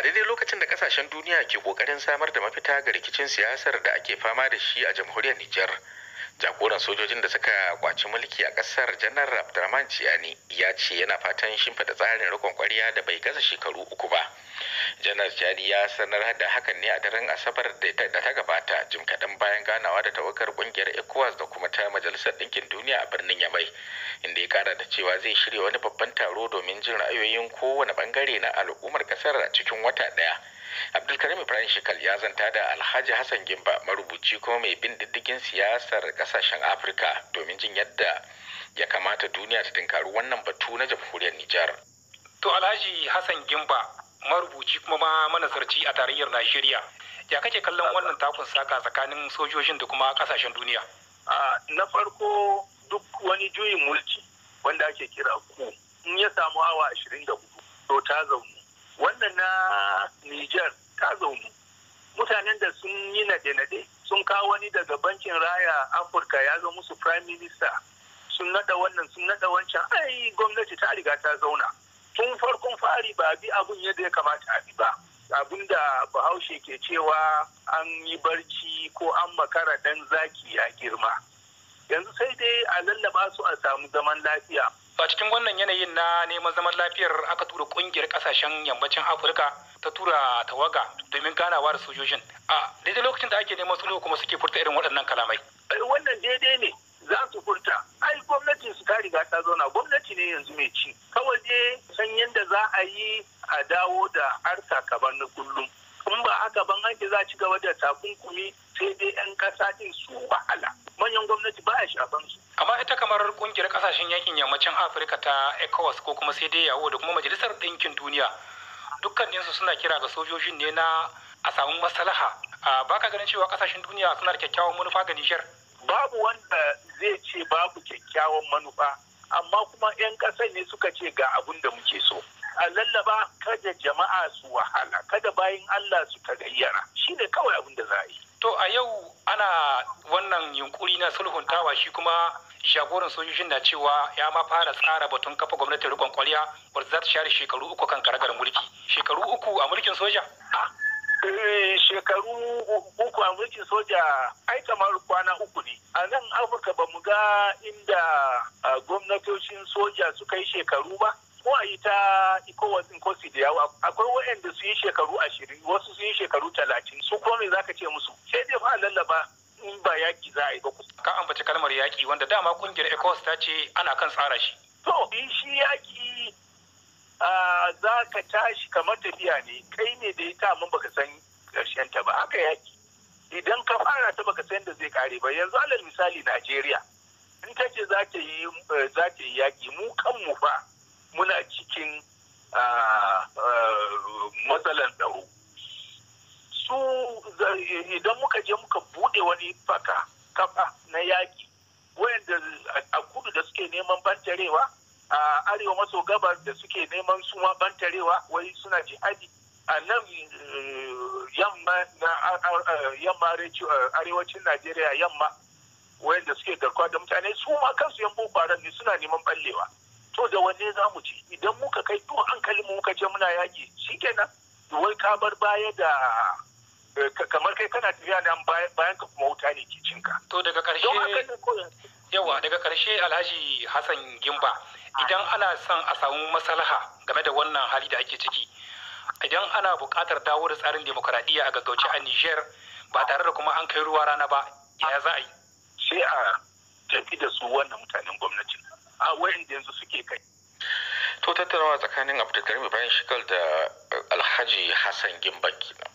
a daidai lokacin da kasashen duniya ke kokarin samar da mafita ga rikicin siyasar da ake fama da shi a jamhuriyar Nijar. jagoran sojojin da suka kwaci mulki a kasar janar abdurrahman ciyani ya ce yana fatan shimfida tsarin rikon kwariya da bai gaza shekaru uku ba janar chadi ya sanar da hakan ne a daren asabar da ta gabata jim kaɗan bayan ganawa da tawakar ƙungiyar ecowas da kuma ta majalisar ɗinkin duniya a birnin yamai inda ya kara da cewa zai shirya wani babban taro domin jin ra'ayoyin kowane bangare na al'ummar ƙasar a cikin wata ɗaya abdulkarim ibrahim shekal ya zanta da alhaji hassan gimba marubuci kuma mai bin diddigin siyasar kasashen afirka domin jin yadda ya kamata duniya ta tunkari wannan batu na jamhuriyar nijar to alhaji hassan gimba marubuci kuma ma manazarci a tarayyar Najeriya. Ya kake kallon wannan takun saka tsakanin sojojin da kuma kasashen duniya? Na farko duk wani juyin mulki wanda ake kira ku in ya samu awa ashirin da hudu to ta zaune. Wannan na Nijar ta zaune. Mutanen da sun yi nade-nade sun kawo wani daga bankin raya Afirka ya zo musu prime minister sun nada wannan sun nada wancan ai gwamnati ta riga ta zauna. tun farkon fari ba bi abun yadda ya kamata a bi ba abun bahaushe ke cewa an yi barci ko an makara dan zaki ya girma yanzu sai dai a lallaba su a samu zaman lafiya ba cikin wannan yanayin na neman zaman lafiyar aka tura kungiyar kasashen yammacin afirka ta tura tawaga domin ganawa da sojojin a daidai lokacin da ake neman sulhu kuma suke furta irin waɗannan kalamai eh, wannan daidai ne za su furta ai gwamnatin su ta riga ta zauna gwamnati ne yanzu mai ci kawai dai za a yi a dawo da harka kaban na kullum in ba haka ban haki za ci gaba da takunkumi sai dai yan kasa din su wahala manyan gwamnati ba a shafan su amma ita kamar kungiyar kasashen yankin yammacin afirka ta ecowas ko kuma sai dai yawo da kuma majalisar ɗinkin duniya dukkaninsu suna kira ga sojojin ne na a samu maslaha ka ganin cewa kasashen duniya suna da kyakkyawan manufa ga Nijar? babu wanda zai ce babu kyakkyawan manufa amma kuma 'yan ƙasar ne suka ce ga abun da muke so a lallaba kada jama'a su wahala kada bayan Allah su gayyara shine kawai abin da za a yi to a yau ana wannan yunkuri na sulhuntawa shi kuma jagoran sojojin na cewa ya ma fara tsara batun kafa gwamnatin rikon kwarya wadda za ta share shekaru uku kan karagar mulki shekaru uku a mulkin soja ah, eh, shekaru uku a mulkin soja ai kamar kwana uku ne a nan afirka ba mu ga inda ah, gwamnatocin soja suka yi shekaru ba ko a yi ta iko in ko da yawa akwai wayanda su yi shekaru ashirin wasu su yi shekaru talatin su kome za ka ce musu sai dai fa lallaba in ba yaƙi za a yi ba ka ambaci kalmar yaƙi wanda dama kungiyar ecowas ta ce ana kan tsara shi to in shi yaƙi za ka tashi kamar tafiya ne kai ne da ya ta mun baka san ƙarshen ta ba haka yaƙi idan ka fara ta baka san da zai kare ba yanzu alal misali najeriya in ta ce za ta yi yaƙi mu kanmu fa muna cikin matsalan tsaro su idan muka je muka buɗe wani faka kafa na yaki wayanda a kudu da suke neman bantarewa a arewa maso gabar da suke neman suma bantarewa wai suna jihadi a nan eh, yamma arewacin najeriya yamma wayanda suke garkuwa da mutane su ma kansu yan bukwaran ne suna neman ballewa to da wanne za mu ci idan muka kai to hankalin mu muka je muna yaƙi shikenan wai ka bar baya da eh, kamar kai kana tafiya da bayan ka kuma wuta ne ke cinka to daga karshe yawa daga karshe alhaji hassan gimba idan ana son a samu maslaha game da wannan hali da ake ciki idan ana buƙatar dawo da tsarin demokaradiyya a gaggauce a niger ba tare da kuma an kai ruwa rana ba ya za a yi sai a tafi da su wannan mutanen gwamnatin wa'inda yanzu suke kai to tattarawa tsakanin abdulkarim ibrahim shikal da eh, alhaji hassan gimbaki na